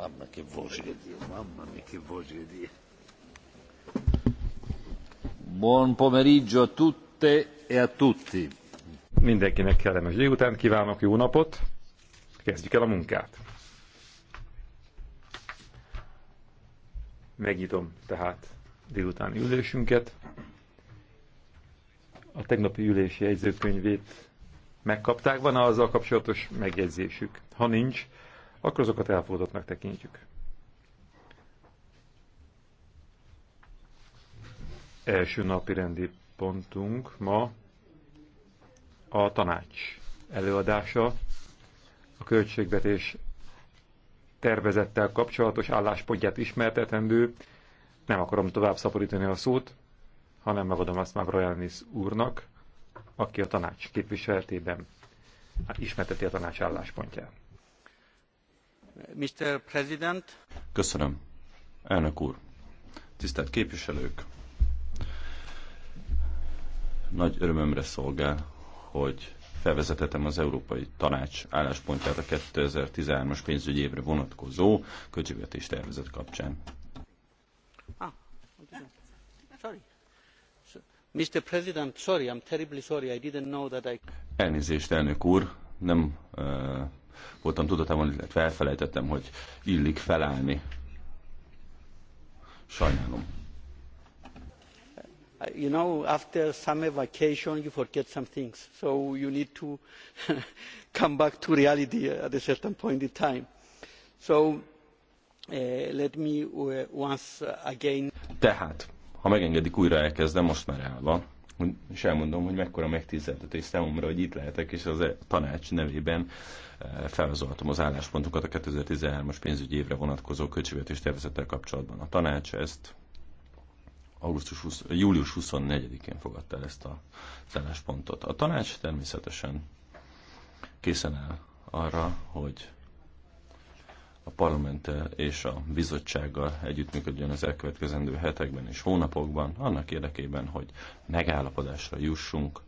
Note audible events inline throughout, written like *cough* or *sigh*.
Mamma che voce di Dio, mamma mia che voce di Dio. Buon pomeriggio a tutte e a tutti. Mindenkinek kellemes délután, kívánok jó napot, kezdjük el a munkát. Megnyitom tehát délutáni ülésünket. A tegnapi ülési jegyzőkönyvét megkapták, van -e azzal kapcsolatos megjegyzésük? Ha nincs, akkor azokat elfogadottnak tekintjük. Első napi rendi pontunk ma a tanács előadása a költségvetés tervezettel kapcsolatos álláspontját ismertetendő. Nem akarom tovább szaporítani a szót, hanem megadom azt már Royanis úrnak, aki a tanács képviseletében ismerteti a tanács álláspontját. Mr. President. Köszönöm. Elnök úr, tisztelt képviselők, nagy örömömre szolgál, hogy felvezetetem az Európai Tanács álláspontját a 2013-as pénzügyi évre vonatkozó költségvetés tervezet kapcsán. Ah, sorry. Mr. President, sorry, I'm terribly sorry, I didn't know that I... Elnézést, elnök úr, nem uh, voltam tudatában, illetve elfelejtettem, hogy illik felállni. Sajnálom. You know, after summer vacation you forget some things, so you need to *laughs* come back to reality at a certain point in time. So uh, let me eh, once again. Tehát, ha megengedik, újra elkezdem, most már van és elmondom, hogy mekkora megtiszteltetés számomra, hogy itt lehetek, és az e- tanács nevében e, felhozoltam az álláspontokat a 2013-as pénzügyi évre vonatkozó költségvetés tervezettel kapcsolatban. A tanács ezt augusztus 20, július 24-én fogadta el ezt a álláspontot. A tanács természetesen készen áll arra, hogy a parlamenttel eh, és a bizottsággal együttműködjön az elkövetkezendő hetekben és hónapokban, annak érdekében, hogy megállapodásra jussunk,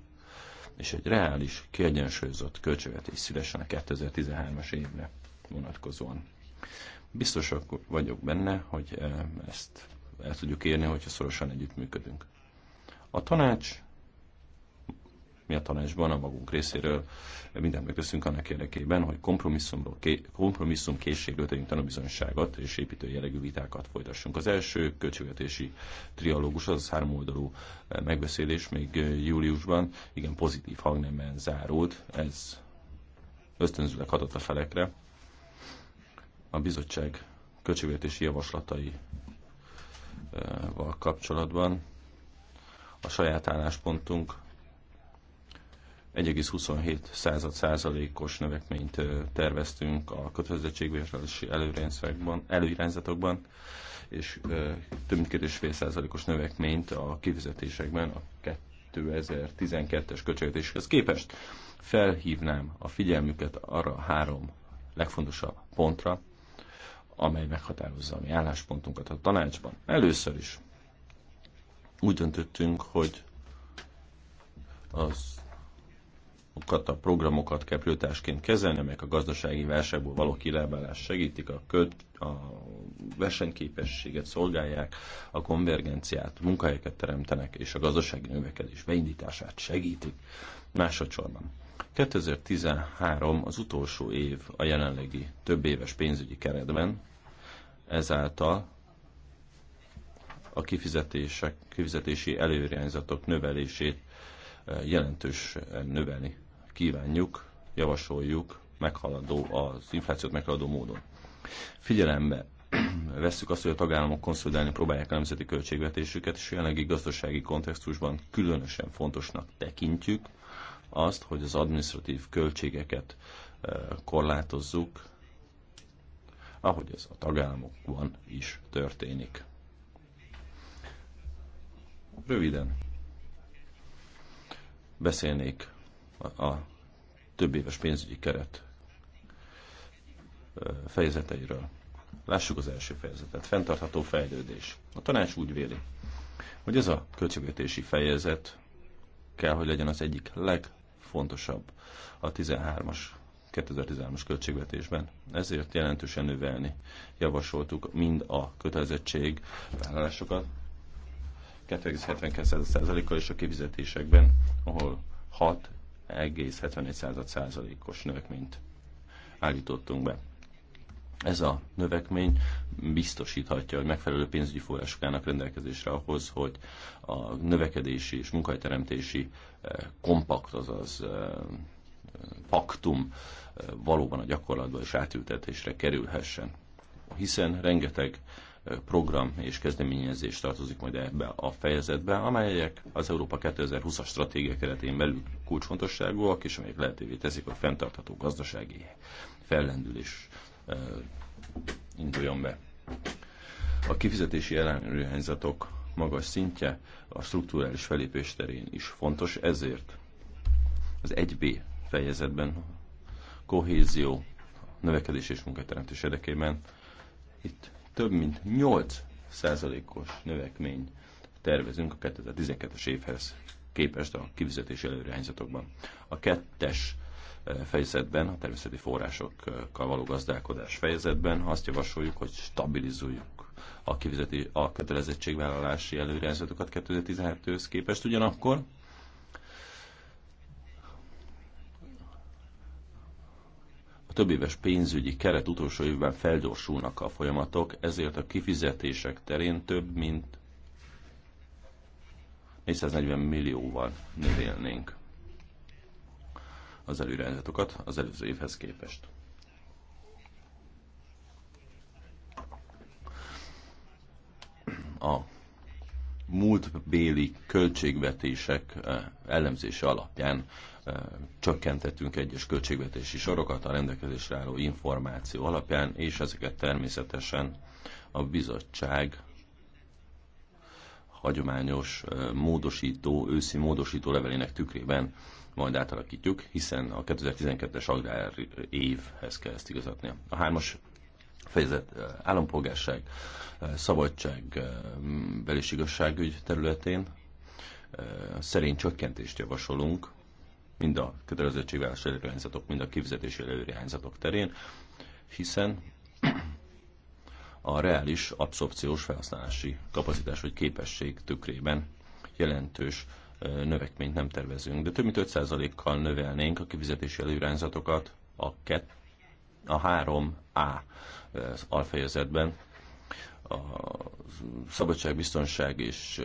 és egy reális, kiegyensúlyozott költségvetés szülessen a 2013-as évre vonatkozóan. Biztosak vagyok benne, hogy eh, ezt el tudjuk érni, hogyha szorosan együttműködünk. A tanács mi a tanácsban a magunk részéről mindent megteszünk annak érdekében, hogy kompromisszumról, kompromisszum készségről tegyünk tanúbizonyságot és építő jellegű vitákat folytassunk. Az első költségvetési trialógus, az oldalú eh, megbeszélés még eh, júliusban igen pozitív hangnemben zárult, ez ösztönzőleg hatott a felekre. A bizottság költségvetési javaslataival eh, kapcsolatban a saját álláspontunk 1,27 század százalékos növekményt terveztünk a kötelezettségvérzelési előirányzatokban, és több mint két és fél százalékos növekményt a kifizetésekben a 2012-es költségvetéshez képest. Felhívnám a figyelmüket arra a három legfontosabb pontra, amely meghatározza a mi álláspontunkat a tanácsban. Először is úgy döntöttünk, hogy az azokat a programokat kell prioritásként kezelni, amelyek a gazdasági válságból való kilábálást segítik, a, köt, a versenyképességet szolgálják, a konvergenciát, munkahelyeket teremtenek, és a gazdasági növekedés beindítását segítik. Másodszorban. 2013 az utolsó év a jelenlegi több éves pénzügyi keretben, ezáltal a kifizetések, kifizetési előirányzatok növelését eh, jelentős növelni kívánjuk, javasoljuk meghaladó, az inflációt meghaladó módon. Figyelembe *clears throat* vesszük azt, hogy a tagállamok konszolidálni próbálják a nemzeti költségvetésüket, és jelenlegi gazdasági kontextusban különösen fontosnak tekintjük azt, hogy az administratív költségeket eh, korlátozzuk, ahogy ez a tagállamokban is történik. Röviden beszélnék a több éves pénzügyi keret fejezeteiről. Lássuk az első fejezetet. Fentartható fejlődés. A tanács úgy véli, hogy ez a költségvetési fejezet kell, hogy legyen az egyik legfontosabb a 13-as 2013-as költségvetésben. Ezért jelentősen növelni javasoltuk mind a kötelezettség vállalásokat 2,72%-kal és a kivizetésekben, ahol 6 1,71%-os növekményt állítottunk be. Ez a növekmény biztosíthatja, hogy megfelelő pénzügyi források állnak rendelkezésre ahhoz, hogy a növekedési és munkahelyteremtési eh, kompakt, azaz eh, paktum eh, valóban a gyakorlatban és átültetésre kerülhessen. Hiszen rengeteg program és kezdeményezés tartozik majd ebbe a fejezetbe, amelyek az Európa 2020-as stratégia keretén belül kulcsfontosságúak, és amelyek lehetővé teszik, hogy fenntartható gazdasági fellendülés induljon be. A kifizetési ellenőrhányzatok magas szintje a strukturális felépés terén is fontos, ezért az 1B fejezetben kohézió, növekedés és munkateremtés érdekében itt több mint 8 százalékos növekmény tervezünk a 2012-es évhez képest a kivizetési előrehányzatokban. A kettes eh, fejezetben, a természeti forrásokkal való gazdálkodás fejezetben azt javasoljuk, hogy stabilizáljuk a, kifizeti, a kötelezettségvállalási előirányzatokat 2017-höz képest. Ugyanakkor A többéves pénzügyi keret utolsó évben felgyorsulnak a folyamatok, ezért a kifizetések terén több mint 440 millióval növelnénk az előirányzatokat az előző évhez képest. A múltbéli költségvetések eh, elemzése alapján csökkentettünk egyes költségvetési sorokat a rendelkezésre álló információ alapján, és ezeket természetesen a bizottság hagyományos módosító, őszi módosító levelének tükrében majd átalakítjuk, hiszen a 2012-es agrár évhez kell ezt igazatnia. A hármas fejezet állampolgárság, szabadság, belis igazságügy területén szerint csökkentést javasolunk mind a kötelezettségvállalás előirányzatok, mind a kifizetési előirányzatok terén, hiszen a reális abszorpciós felhasználási kapacitás vagy képesség tükrében jelentős növekményt nem tervezünk, de több mint 5%-kal növelnénk a kifizetési előirányzatokat a, a 3A alfejezetben, a szabadság, biztonság és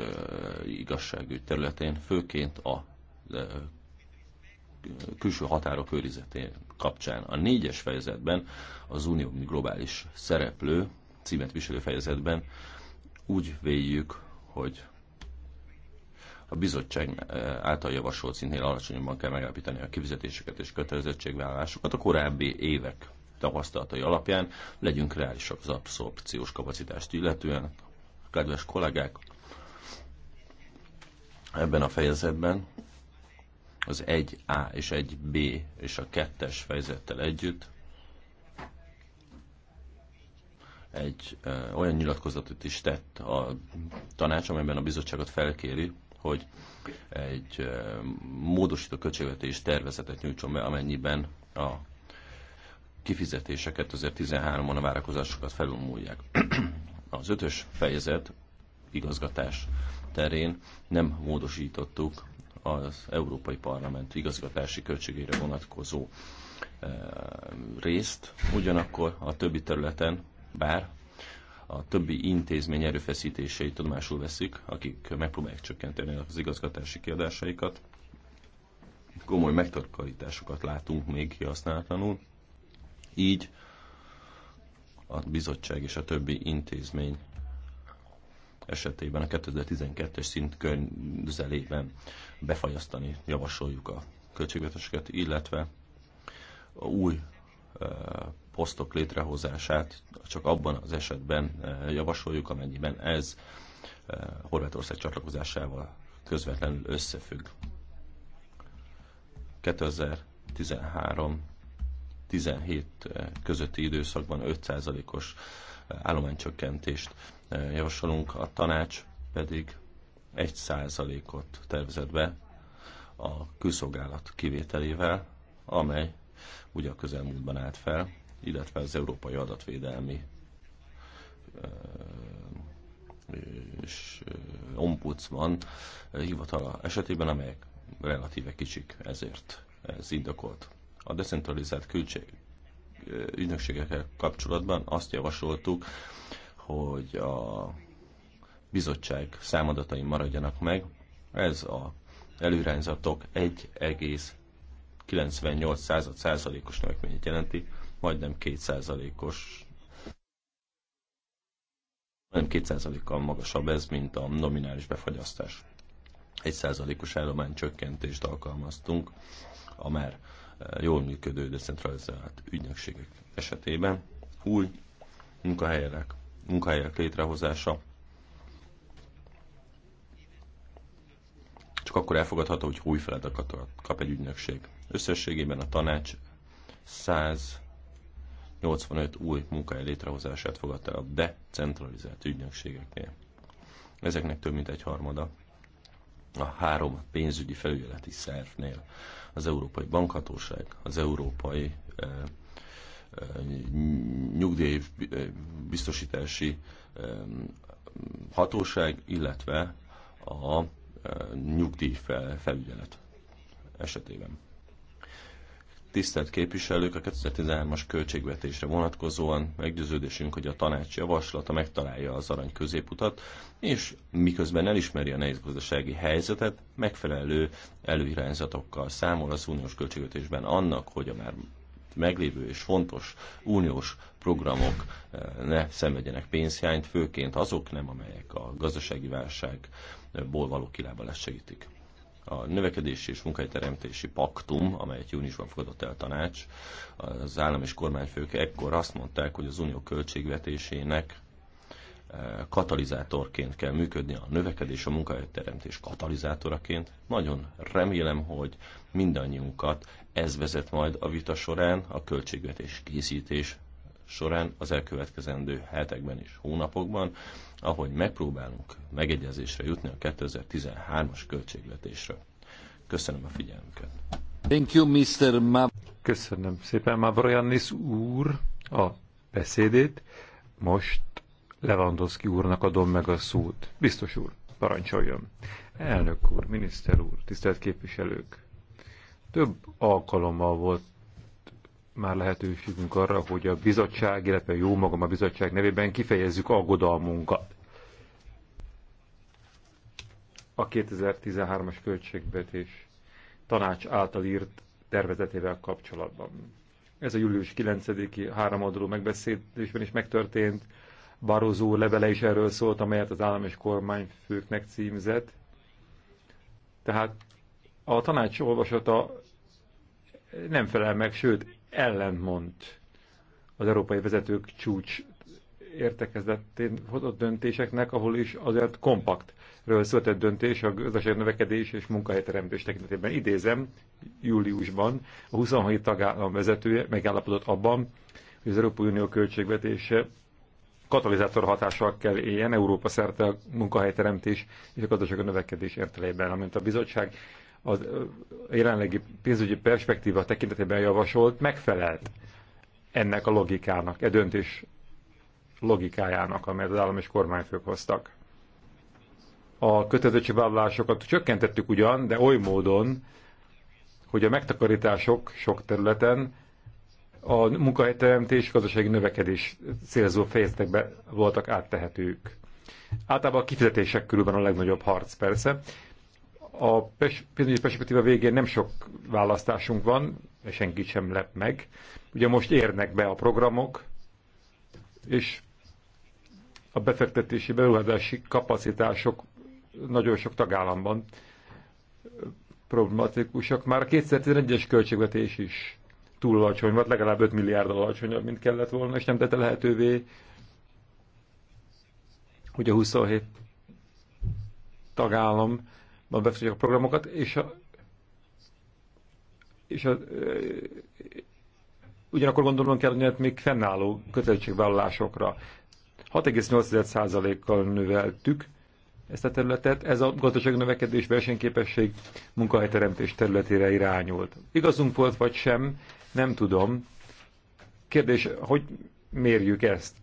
igazságügy területén, főként a külső határok őrizetén kapcsán. A négyes fejezetben az unió globális szereplő, címet viselő fejezetben úgy véljük, hogy a bizottság eh, által javasolt szintén alacsonyabban kell megállapítani a kifizetéseket és kötelezettségvállásokat a korábbi évek tapasztalatai alapján. Legyünk reálisak az abszorpciós kapacitást illetően. Kedves kollégák, ebben a fejezetben az 1A és 1B és a 2-es fejezettel együtt egy ö, olyan nyilatkozatot is tett a tanács, amelyben a bizottságot felkéri, hogy egy ö, módosító költségvetés tervezetet nyújtson be, amennyiben a kifizetéseket 2013-ban a várakozásokat felülmúlják. *clears throat* az ötös fejezet igazgatás terén nem módosítottuk az Európai Parlament igazgatási költségére vonatkozó eh, részt, ugyanakkor a többi területen, bár a többi intézmény erőfeszítéseit tudomásul veszik, akik megpróbálják csökkenteni az igazgatási kiadásaikat. Komoly megtakarításokat látunk még kihasználatlanul. Így a bizottság és a többi intézmény esetében a 2012-es szint közelében befajasztani javasoljuk a költségvetéseket, illetve a új posztok létrehozását csak abban az esetben javasoljuk, amennyiben ez Horvátország csatlakozásával közvetlenül összefügg. 2013 17 közötti időszakban 5%-os állománycsökkentést javasolunk, a tanács pedig 1%-ot tervezett be a külszolgálat kivételével, amely ugye a közelmúltban állt fel, illetve az Európai Adatvédelmi és ombudsman hivatala esetében, amelyek relatíve kicsik, ezért ez indokolt. A decentralizált küldség ügynökségekkel kapcsolatban azt javasoltuk, hogy a bizottság számadatai maradjanak meg. Ez a előrányzatok 1,98 százalékos növekményét jelenti, majdnem 2 százalékos nem 2%-kal magasabb ez, mint a nominális befagyasztás. 1%-os állomány csökkentést alkalmaztunk a már eh, jól működő decentralizált ügynökségek esetében. Új munkahelyek munkahelyek létrehozása. Csak akkor elfogadható, hogy új feladatokat kap egy ügynökség. Összességében a tanács 185 új munkahely létrehozását fogadta el a decentralizált ügynökségeknél. Ezeknek több mint egy harmada a három pénzügyi felügyeleti szervnél, az Európai Bankhatóság, az Európai eh, nyugdíjbiztosítási hatóság, illetve a nyugdíjfelügyelet esetében. Tisztelt képviselők, a 2013-as költségvetésre vonatkozóan meggyőződésünk, hogy a tanács javaslata megtalálja az arany középutat, és miközben elismeri a nehéz gazdasági helyzetet, megfelelő előirányzatokkal számol az uniós költségvetésben annak, hogy a már meglévő és fontos uniós programok eh, ne szenvedjenek pénzhiányt, főként azok nem, amelyek a gazdasági válságból való kilábalást segítik. A növekedési és munkahelyteremtési paktum, amelyet júniusban fogadott el tanács, az állam és kormányfők ekkor azt mondták, hogy az unió költségvetésének katalizátorként kell működni a növekedés, a munkahelyteremtés katalizátoraként. Nagyon remélem, hogy mindannyiunkat ez vezet majd a vita során, a költségvetés készítés során az elkövetkezendő hetekben és hónapokban, ahogy megpróbálunk megegyezésre jutni a 2013-as költségvetésre. Köszönöm a figyelmüket. Thank you, Mr. Ma- Köszönöm szépen Mavroyannis úr a beszédét. Most Lewandowski úrnak adom meg a szót. Biztos úr, parancsoljon. Elnök úr, miniszter úr, tisztelt képviselők. Több alkalommal volt már lehetőségünk arra, hogy a bizottság, illetve jó magam a bizottság nevében kifejezzük aggodalmunkat. A 2013-as költségvetés tanács által írt tervezetével kapcsolatban. Ez a július 9-i háromoldalú megbeszélésben is megtörtént, Barozó levele is erről szólt, amelyet az állam és kormányfőknek címzett. Tehát a tanács olvasata nem felel meg, sőt ellentmond az európai vezetők csúcs értekezletén hozott döntéseknek, ahol is azért kompakt, született döntés a gazdaság növekedés és munkahelyteremtés tekintetében. Idézem, júliusban a 27 tagállam vezetője megállapodott abban, hogy az Európai Unió költségvetése katalizátor hatással kell éljen Európa szerte a munkahelyteremtés és a gazdasági növekedés értelében, amint a bizottság az jelenlegi pénzügyi perspektíva tekintetében javasolt, megfelelt ennek a logikának, e döntés logikájának, amelyet az állam és kormányfők hoztak. A kötelezettségvállalásokat csökkentettük ugyan, de oly módon, hogy a megtakarítások sok területen a munkahelyteremtés, gazdasági növekedés célzó fejezetekbe voltak áttehetők. Általában a kifizetések körül van a legnagyobb harc persze. A pénzügyi perspektíva végén nem sok választásunk van, és senki sem lep meg. Ugye most érnek be a programok, és a befektetési beruházási kapacitások nagyon sok tagállamban problematikusak. Már a 2011-es költségvetés is túl alacsony volt, legalább 5 milliárd alacsonyabb, mint kellett volna, és nem tette lehetővé, hogy a 27 tagállamban befizetik a programokat, és a, és a, ugyanakkor gondolom kell, hogy hát még fennálló kötelezettségvállalásokra. 6,8%-kal növeltük ezt a területet, ez a gazdasági növekedés, versenyképesség, munkahelyteremtés területére irányult. Igazunk volt vagy sem, nem tudom. Kérdés, hogy mérjük ezt?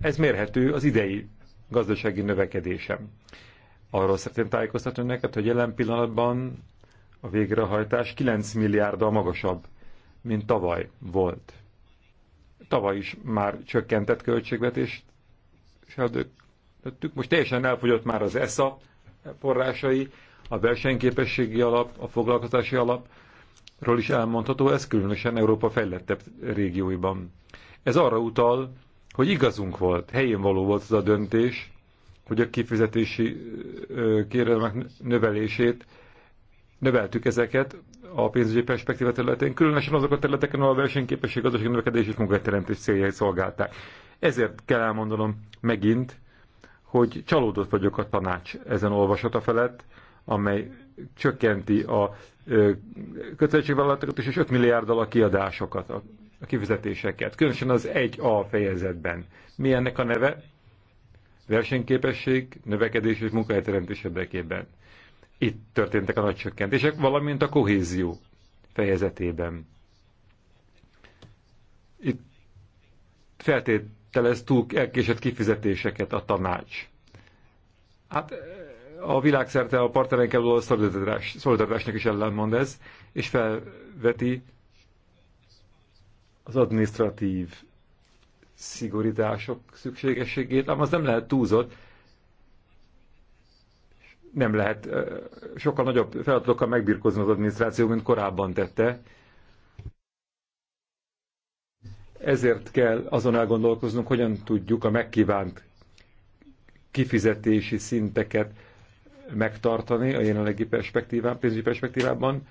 Ez mérhető az idei gazdasági növekedésem. Arról szeretném tájékoztatni neked, hogy jelen pillanatban a végrehajtás 9 milliárddal magasabb, mint tavaly volt. Tavaly is már csökkentett költségvetést adottuk. Most teljesen elfogyott már az ESZA forrásai, a versenyképességi alap, a foglalkozási alap, Ról is elmondható, ez különösen Európa fejlettebb régióiban. Ez arra utal, hogy igazunk volt, helyén való volt az a döntés, hogy a kifizetési kérelmek növelését növeltük ezeket a pénzügyi perspektíva területén, különösen azok a területeken, ahol a versenyképesség, gazdasági növekedés és munkahelyteremtés céljai szolgálták. Ezért kell elmondanom megint, hogy csalódott vagyok a tanács ezen olvasata felett, amely csökkenti a kötelezettségvállalatokat és 5 milliárddal a kiadásokat, a, a kifizetéseket. Különösen az 1A fejezetben. Mi ennek a neve? Versenyképesség, növekedés és munkahelyteremtés érdekében. Itt történtek a nagy csökkentések, valamint a kohézió fejezetében. Itt feltételez túl elkésett kifizetéseket a tanács. Hát a világszerte a partnereinkkel való szolidaritás, szolidaritásnak is ellenmond ez, és felveti az administratív szigorítások szükségességét, ám az nem lehet túlzott, nem lehet sokkal nagyobb feladatokkal megbírkozni az adminisztráció, mint korábban tette. Ezért kell azon elgondolkoznunk, hogyan tudjuk a megkívánt kifizetési szinteket megtartani a jelenlegi perspektíván, pénzügyi perspektívában.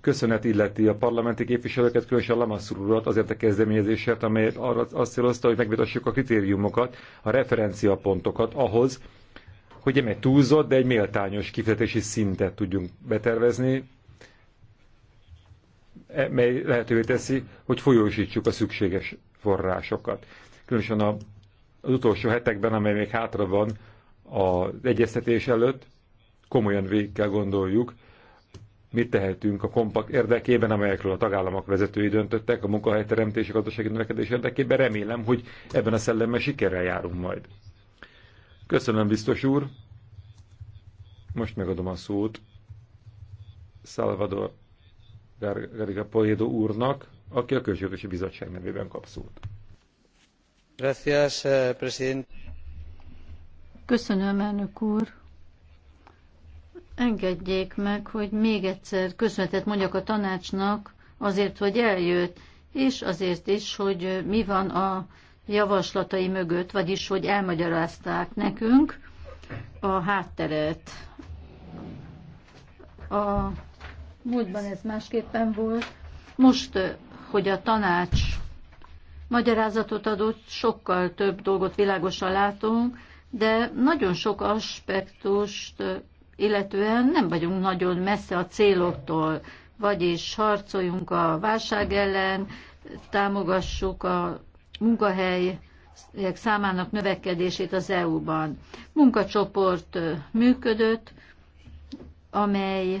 Köszönet illeti a parlamenti képviselőket, különösen Lamassur urat azért a kezdeményezésért, amely arra azt célozta, hogy megvitassuk a kritériumokat, a referenciapontokat ahhoz, hogy nem egy túlzott, de egy méltányos kifizetési szintet tudjunk betervezni, e- mely lehetővé teszi, hogy folyósítsuk a szükséges forrásokat. Különösen a, az utolsó hetekben, amely még hátra van az egyeztetés előtt, komolyan végig kell gondoljuk, mit tehetünk a kompakt érdekében, amelyekről a tagállamok vezetői döntöttek, a munkahelyteremtés és a gazdasági növekedés érdekében. Remélem, hogy ebben a szellemben sikerrel járunk majd. Köszönöm, biztos úr. Most megadom a szót Salvador Garriga Poledo úrnak, aki a Közgyűlési Bizottság nevében kap szót. Gracias, eh, president. Köszönöm, elnök úr. Engedjék meg, hogy még egyszer köszönetet mondjak a tanácsnak azért, hogy eljött, és azért is, hogy mi van a javaslatai mögött, vagyis, hogy elmagyarázták nekünk a hátteret. A múltban ez másképpen volt. Most, eh, hogy a tanács magyarázatot adott, sokkal több dolgot világosan látunk, de nagyon sok aspektust eh, illetően nem vagyunk nagyon messze a céloktól, vagyis harcoljunk a válság ellen, támogassuk a munkahely számának növekedését az EU-ban. Munkacsoport működött, amely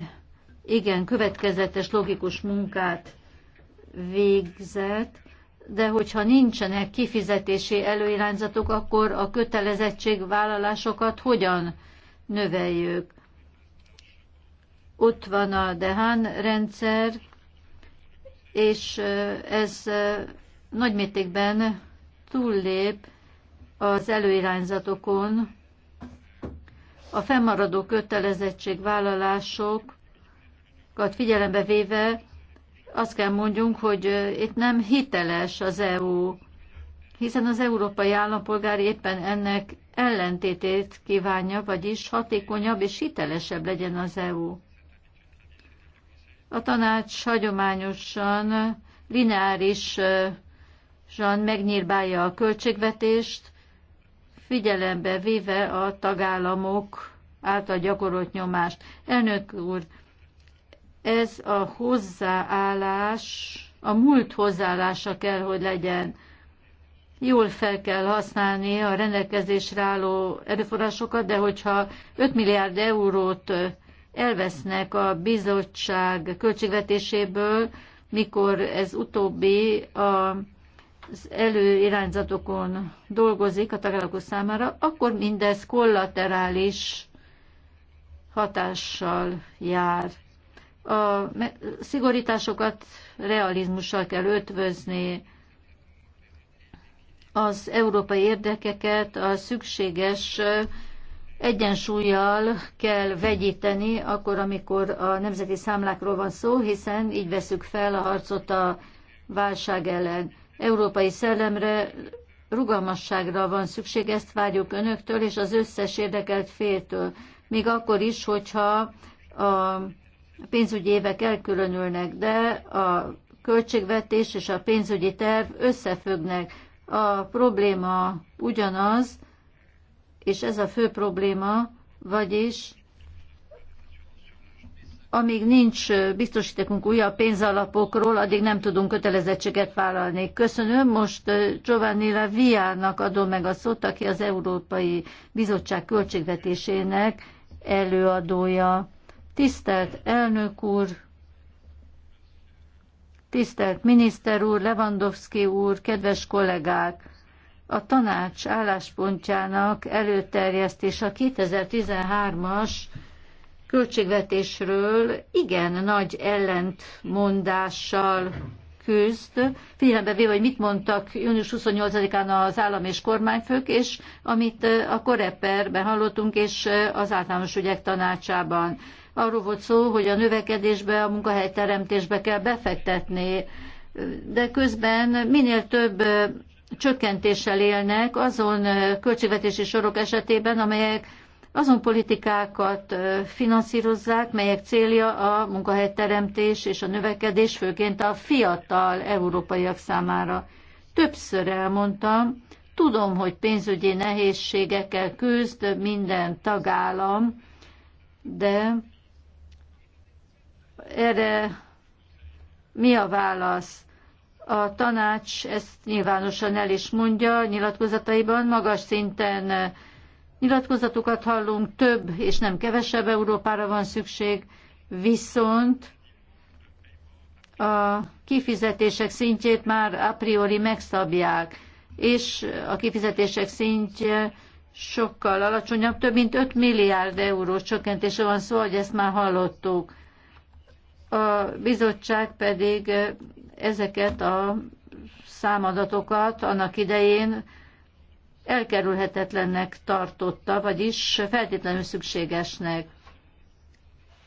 igen következetes, logikus munkát végzett, de hogyha nincsenek kifizetési előirányzatok, akkor a kötelezettségvállalásokat hogyan növeljük? ott van a Dehán rendszer, és ez nagymértékben túllép az előirányzatokon. A fennmaradó kötelezettségvállalásokat figyelembe véve azt kell mondjunk, hogy itt nem hiteles az EU, hiszen az európai állampolgár éppen ennek ellentétét kívánja, vagyis hatékonyabb és hitelesebb legyen az EU. A tanács hagyományosan lineárisan megnyírbálja a költségvetést, figyelembe véve a tagállamok által gyakorolt nyomást. Elnök úr, ez a hozzáállás, a múlt hozzáállása kell, hogy legyen. Jól fel kell használni a rendelkezésre álló erőforrásokat, de hogyha 5 milliárd eurót elvesznek a bizottság költségvetéséből, mikor ez utóbbi a az előirányzatokon dolgozik a tagállamok számára, akkor mindez kollaterális hatással jár. A szigorításokat realizmussal kell ötvözni, az európai érdekeket a szükséges egyensúlyjal kell vegyíteni, akkor, amikor a nemzeti számlákról van szó, hiszen így veszük fel a harcot a válság ellen. Európai szellemre, rugalmasságra van szükség, ezt várjuk önöktől és az összes érdekelt féltől. Még akkor is, hogyha a pénzügyi évek elkülönülnek, de a költségvetés és a pénzügyi terv összefüggnek. A probléma ugyanaz, és ez a fő probléma, vagyis amíg nincs biztosítékunk újabb pénzalapokról, addig nem tudunk kötelezettséget vállalni. Köszönöm, most Giovanni Viának adom meg a szót, aki az Európai Bizottság költségvetésének előadója. Tisztelt elnök úr, tisztelt miniszter úr, Lewandowski úr, kedves kollégák! a tanács álláspontjának előterjesztés a 2013-as költségvetésről igen nagy ellentmondással küzd, figyelembe véve, hogy mit mondtak június 28-án az állam és kormányfők, és amit eh, a Koreperben hallottunk, és eh, az általános ügyek tanácsában. Arról volt szó, hogy a növekedésbe, a munkahelyteremtésbe kell befektetni, eh, de közben minél több csökkentéssel élnek azon költségvetési sorok esetében, amelyek azon politikákat finanszírozzák, melyek célja a munkahelyteremtés és a növekedés, főként a fiatal európaiak számára. Többször elmondtam, tudom, hogy pénzügyi nehézségekkel küzd minden tagállam, de erre mi a válasz? A tanács ezt nyilvánosan el is mondja nyilatkozataiban, magas szinten eh, nyilatkozatokat hallunk, több és nem kevesebb Európára van szükség, viszont a kifizetések szintjét már a priori megszabják, és a kifizetések szintje sokkal alacsonyabb, több mint 5 milliárd eurós csökkentése van szó, szóval, hogy ezt már hallottuk. A bizottság pedig eh, ezeket a számadatokat annak idején elkerülhetetlennek tartotta, vagyis feltétlenül szükségesnek.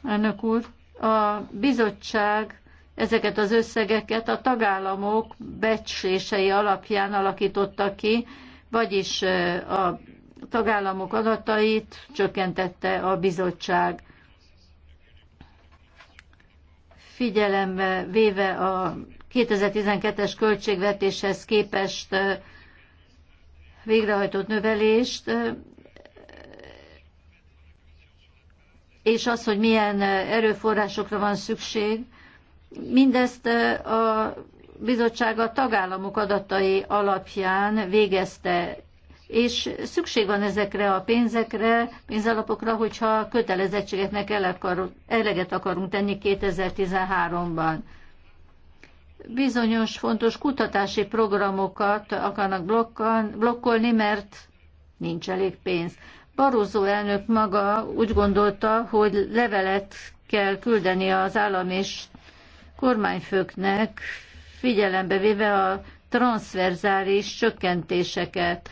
Elnök úr, a bizottság ezeket az összegeket a tagállamok becslései alapján alakította ki, vagyis a tagállamok adatait csökkentette a bizottság. Figyelembe véve a 2012-es költségvetéshez képest végrehajtott növelést, és az, hogy milyen erőforrásokra van szükség, mindezt a bizottság a tagállamok adatai alapján végezte, és szükség van ezekre a pénzekre, pénzalapokra, hogyha kötelezettségeknek eleget akarunk tenni 2013-ban bizonyos fontos kutatási programokat akarnak blokkan, blokkolni, mert nincs elég pénz. Barózó elnök maga úgy gondolta, hogy levelet kell küldeni az állam és kormányfőknek, figyelembe véve a transzverzális csökkentéseket.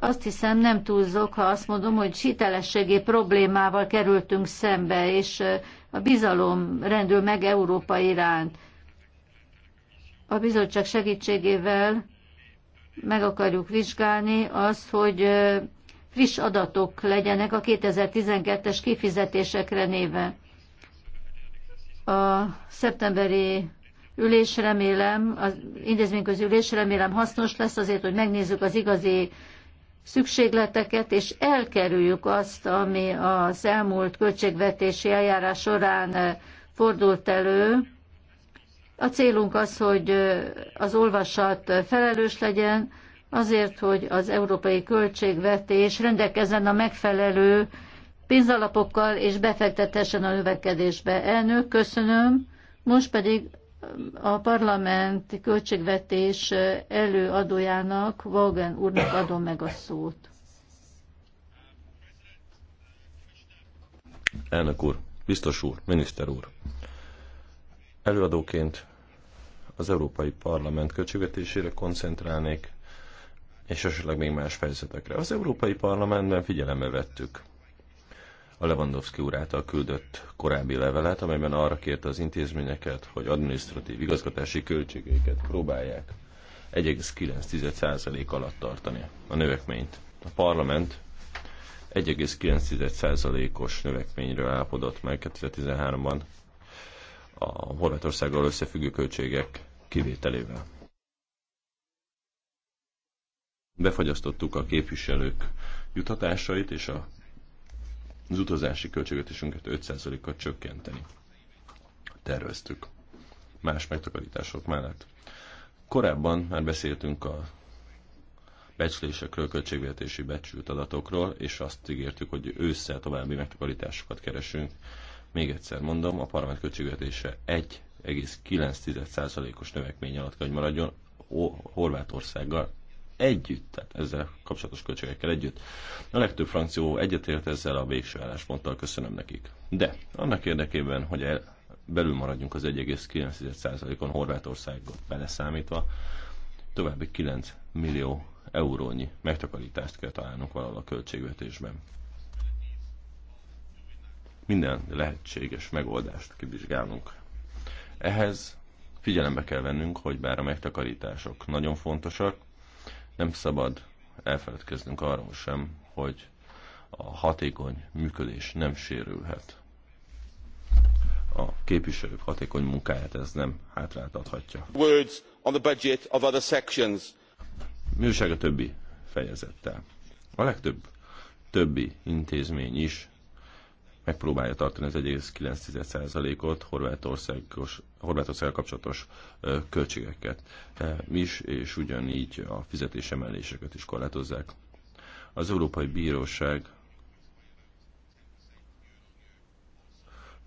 Azt hiszem nem túlzok, ha azt mondom, hogy hitelességi problémával kerültünk szembe, és a bizalom rendül meg Európa iránt a bizottság segítségével meg akarjuk vizsgálni az, hogy friss adatok legyenek a 2012-es kifizetésekre néve. A szeptemberi ülés remélem, az intézményközi ülés remélem hasznos lesz azért, hogy megnézzük az igazi szükségleteket, és elkerüljük azt, ami az elmúlt költségvetési eljárás során fordult elő, a célunk az, hogy az olvasat felelős legyen, azért, hogy az európai költségvetés rendelkezzen a megfelelő pénzalapokkal és befektethessen a növekedésbe. Elnök, köszönöm. Most pedig a parlament költségvetés előadójának, Vaughan úrnak adom meg a szót. Elnök úr, biztos úr, miniszter úr, Előadóként az Európai Parlament költségvetésére koncentrálnék, és esetleg még más fejezetekre. Az Európai Parlamentben figyelembe vettük a Lewandowski úr által küldött korábbi levelet, amelyben arra kérte az intézményeket, hogy adminisztratív igazgatási költségeiket próbálják 1,9% alatt tartani a növekményt. A parlament 1,9%-os növekményről állapodott meg 2013-ban, a Horvátországgal összefüggő költségek kivételével. Befagyasztottuk a képviselők jutatásait és a, az utazási költségvetésünket 5%-kal csökkenteni. Terveztük más megtakarítások mellett. Korábban már beszéltünk a becslésekről, költségvetési becsült adatokról, és azt ígértük, hogy ősszel további megtakarításokat keresünk még egyszer mondom, a parlament költségvetése 1,9%-os növekmény alatt kell, hogy maradjon Horvátországgal együtt, tehát ezzel kapcsolatos költségekkel együtt. A legtöbb frankció egyetért ezzel a végső állásponttal, köszönöm nekik. De annak érdekében, hogy el, belül maradjunk az 1,9%-on Horvátországot beleszámítva, további 9 millió eurónyi megtakarítást kell találnunk valahol a költségvetésben minden lehetséges megoldást kivizsgálunk. Ehhez figyelembe kell vennünk, hogy bár a megtakarítások nagyon fontosak, nem szabad elfeledkeznünk arról sem, hogy a hatékony működés nem sérülhet. A képviselők hatékony munkáját ez nem hátráltathatja. Words on the budget of other sections. Műség a többi fejezettel. A legtöbb többi intézmény is megpróbálja tartani az 1,9%-ot Horvátországos, Horvátországgal kapcsolatos költségeket e, is, és ugyanígy a fizetésemeléseket is korlátozzák. Az Európai Bíróság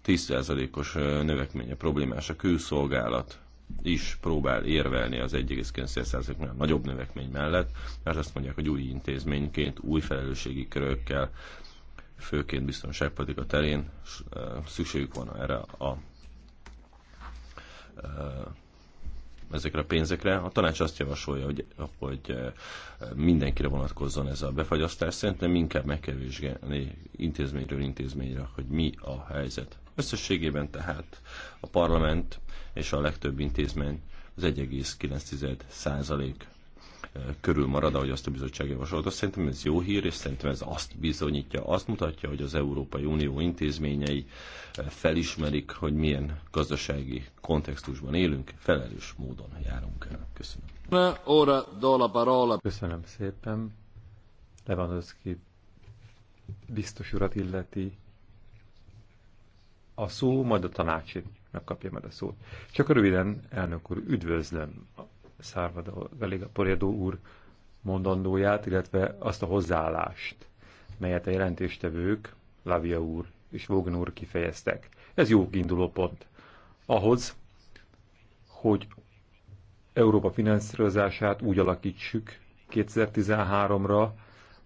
10%-os növekménye problémás. A külszolgálat is próbál érvelni az 1,9%-nál nagyobb növekmény mellett, mert azt mondják, hogy új intézményként, új felelősségi körökkel főként biztonságpolitika terén szükségük van erre a ezekre a pénzekre. A tanács azt javasolja, hogy, hogy mindenkire vonatkozzon ez a befagyasztás. Szerintem inkább meg kell vizsgálni intézményről intézményre, hogy mi a helyzet. Összességében tehát a parlament és a legtöbb intézmény az 1,9 körül marad, ahogy azt a bizottság javasolta. Szerintem ez jó hír, és szerintem ez azt bizonyítja, azt mutatja, hogy az Európai Unió intézményei eh, felismerik, hogy milyen gazdasági kontextusban élünk, felelős módon járunk el. Köszönöm. Ora dola parola. Köszönöm szépen. Lewandowski biztos urat illeti a szó, majd a tanácsi megkapja majd a szót. Csak röviden, elnök úr, üdvözlöm Szárvada Poriadó úr mondandóját, illetve azt a hozzáállást, melyet a jelentéstevők, Lavia úr és Vogan úr kifejeztek. Ez jó kiinduló pont ahhoz, hogy Európa finanszírozását úgy alakítsuk 2013-ra,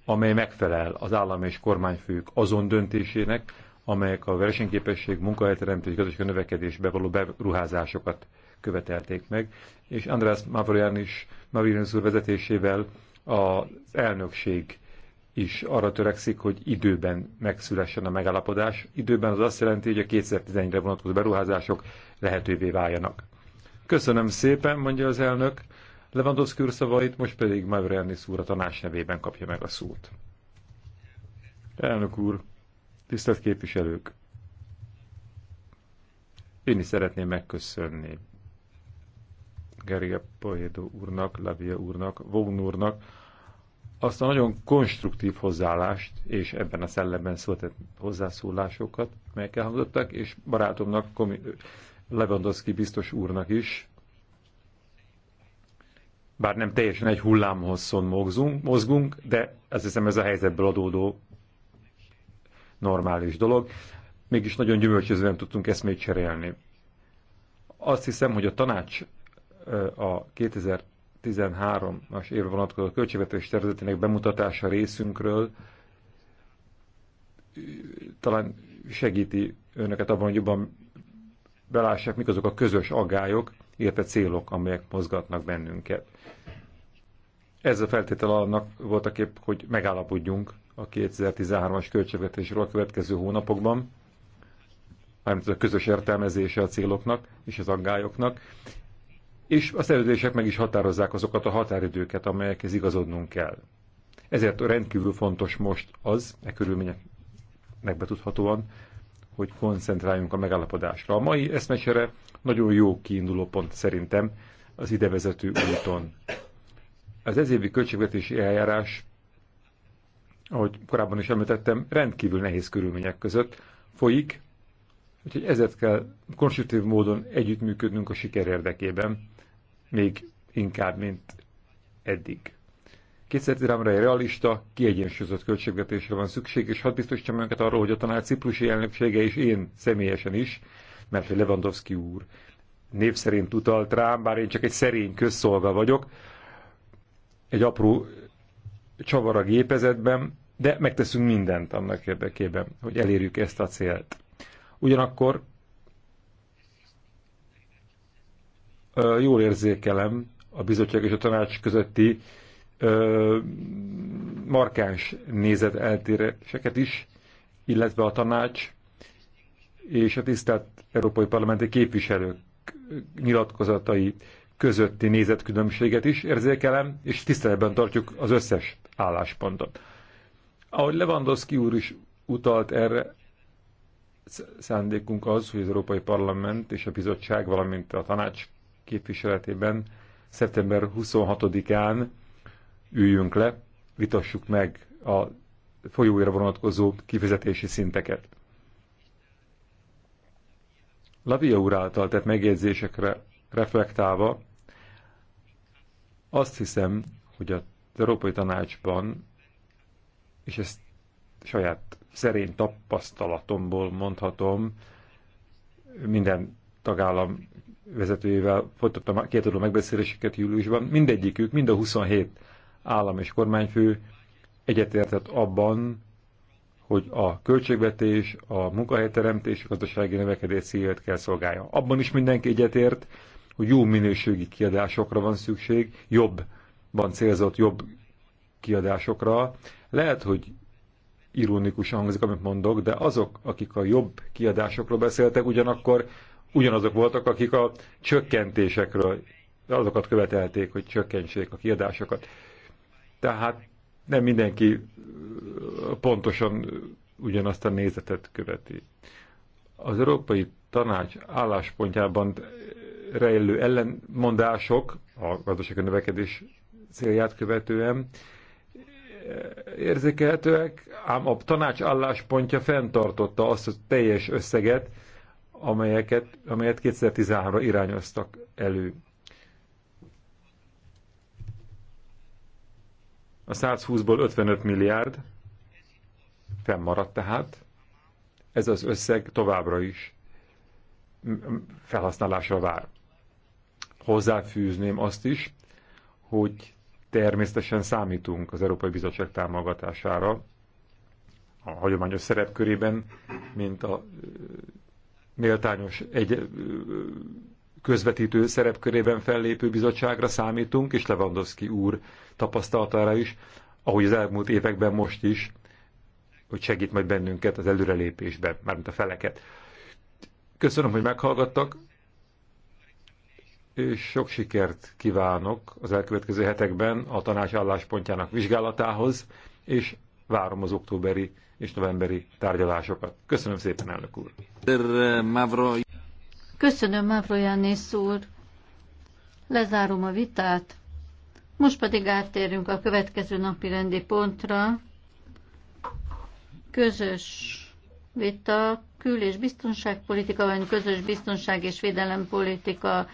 amely megfelel az állam és kormányfők azon döntésének, amelyek a versenyképesség, munkahelyteremtés, gazdasági növekedésbe való beruházásokat követelték meg, és András Mavrojánis Mavrinus úr vezetésével az elnökség is arra törekszik, hogy időben megszülessen a megállapodás. Időben az azt jelenti, hogy a 2011-re vonatkozó beruházások lehetővé váljanak. Köszönöm szépen, mondja az elnök. Lewandowski úr szavait, most pedig Mavrojánis úr a tanács nevében kapja meg a szót. Elnök úr, tisztelt képviselők! Én is szeretném megköszönni Gerige Poédo úrnak, Levia úrnak, Vogn úrnak azt a nagyon konstruktív hozzáállást, és ebben a szellemben született hozzászólásokat, melyek elhangzottak, és barátomnak, Lewandowski biztos úrnak is, bár nem teljesen egy hullámhosszon mozgunk, mozgunk, de azt hiszem ez a helyzetből adódó normális dolog. Mégis nagyon gyümölcsözően tudtunk eszmét cserélni. Azt hiszem, hogy a tanács a 2013-as évre vonatkozó költségvetés tervezetének bemutatása részünkről talán segíti önöket abban, hogy jobban belássák, mik azok a közös agályok, illetve célok, amelyek mozgatnak bennünket. Ez a feltétel annak volt a kép, hogy megállapodjunk a 2013-as költségvetésről a következő hónapokban, mármint a közös értelmezése a céloknak és az aggályoknak, és a szerződések meg is határozzák azokat a határidőket, amelyekhez igazodnunk kell. Ezért rendkívül fontos most az, e körülmények megbetudhatóan, hogy koncentráljunk a megállapodásra. A mai eszmecsere nagyon jó kiinduló pont szerintem az idevezető úton. Az ezévi költségvetési eljárás, ahogy korábban is említettem, rendkívül nehéz körülmények között folyik, úgyhogy ezért kell konstruktív módon együttműködnünk a siker érdekében még inkább, mint eddig. 2013-ra egy realista, kiegyensúlyozott költségvetésre van szükség, és hadd biztosítsam önket arról, hogy a tanács ciprusi elnöksége és én személyesen is, mert hogy Lewandowski úr név szerint utalt rám, bár én csak egy szerény közszolga vagyok, egy apró csavar a gépezetben, de megteszünk mindent annak érdekében, hogy elérjük ezt a célt. Ugyanakkor jól érzékelem a bizottság és a tanács közötti markáns nézeteltéréseket is, illetve a tanács és a tisztelt európai parlamenti képviselők nyilatkozatai közötti nézetkülönbséget is érzékelem, és tiszteletben tartjuk az összes álláspontot. Ahogy Lewandowski úr is utalt erre, szándékunk az, hogy az Európai Parlament és a bizottság, valamint a tanács képviseletében szeptember 26-án üljünk le, vitassuk meg a folyóira vonatkozó kifizetési szinteket. Lavia úr által tett megjegyzésekre reflektálva, azt hiszem, hogy a Európai Tanácsban, és ezt saját szerény tapasztalatomból mondhatom, minden tagállam vezetőjével folytattam két adó megbeszéléseket júliusban. Mindegyikük, mind a 27 állam és kormányfő egyetértett abban, hogy a költségvetés, a munkahelyteremtés, a gazdasági növekedés célját kell szolgálja. Abban is mindenki egyetért, hogy jó minőségi kiadásokra van szükség, jobban célzott jobb kiadásokra. Lehet, hogy ironikusan hangzik, amit mondok, de azok, akik a jobb kiadásokról beszéltek, ugyanakkor ugyanazok voltak, akik a csökkentésekről, azokat követelték, hogy csökkentsék a kiadásokat. Tehát nem mindenki pontosan ugyanazt a nézetet követi. Az Európai Tanács álláspontjában rejlő ellenmondások a gazdasági növekedés célját követően érzékelhetőek, ám a tanács álláspontja fenntartotta azt a teljes összeget, amelyeket, amelyet 2013-ra irányoztak elő. A 120-ból 55 milliárd fennmaradt tehát, ez az összeg továbbra is felhasználásra vár. Hozzáfűzném azt is, hogy természetesen számítunk az Európai Bizottság támogatására a hagyományos szerepkörében, mint a méltányos egy közvetítő szerepkörében fellépő bizottságra számítunk, és Lewandowski úr tapasztalatára is, ahogy az elmúlt években most is, hogy segít majd bennünket az előrelépésben, mármint a feleket. Köszönöm, hogy meghallgattak, és sok sikert kívánok az elkövetkező hetekben a tanács álláspontjának vizsgálatához, és várom az októberi és novemberi tárgyalásokat. Köszönöm szépen, elnök úr! Köszönöm, Mavro Jánész úr! Lezárom a vitát. Most pedig áttérünk a következő napi rendi pontra. Közös vita, kül- és biztonságpolitika, vagy közös biztonság és védelempolitika